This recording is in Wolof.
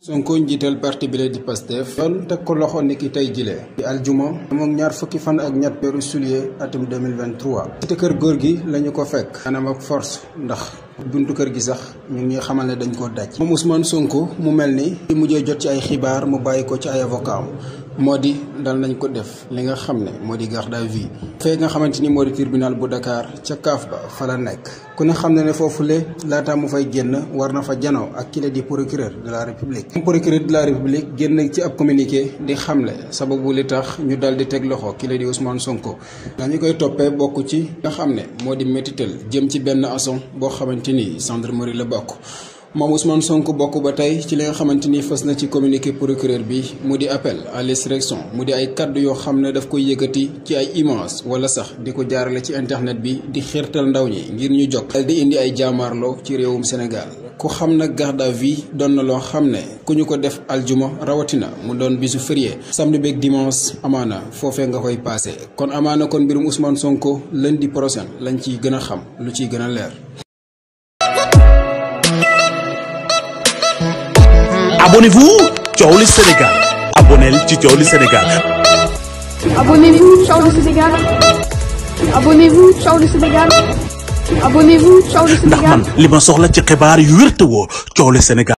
Sonko njiital parti bile di Pastef yoon teg ko loxo niki tey jile di aljuma moom ñaar fukki fan ak ñett weeru juillet atum 2023 cité kër góor gi lañu ko fekk anam ak force ndax buntu kër gi sax ñu ngi xamal ne dañ ko daj moom Ousmane Sonko mu mel ni di mujjee jot ci ay xibaar mu bàyyi ko ci ay avocat am modi dal nañ ko def li nga xamne modi garde à vue nga xamanteni modi tribunal bu Dakar ci kaaf ba fa la nek ku ne xamne ne fofu le lata mu fay génn war na fa janoo ak kile di procureur de la république procureur de la république génn ci ab communiqué di xamle sababu li tax ñu dal di teg loxo kile di Ousmane Sonko dañu koy topé bokk ci nga xamne modi metitel jëm ci ben asson bo xamanteni gendarmerie la bokku moom Ousmane Sonko bokk ba tey ci li nga xamante ni fës na ci communiqué procureur bi mu di appel à l'insurrection mu di ay kaddu yoo xam ne daf koy yëkkati ci ay image wala sax di ko jaarale ci internet bi di xiirtal ndaw ñi ngir ñu jog dal di indi ay jaamaarloo ci réewum Sénégal ku xam nag garde à vue doon na loo xam ne ku ñu ko def aljuma rawatina mu doon bisu férié samedi beeg dimanche amaana foofee nga koy paase kon amaana kon mbirum Ousmane Sonko lundi prochain lañ ciy gën a xam lu ciy gën a leer. abonnez-vous Thiowli Sénégal abonnel ci Thiowli Sénégal. abonnez-vous Thiowli Sénégal. abonnez-vous Thiowli Sénégal. abonnez-vous Thiowli Sénégal. ndax man li ma soxla ci xibaar yu wér te woo Thiowli Sénégal.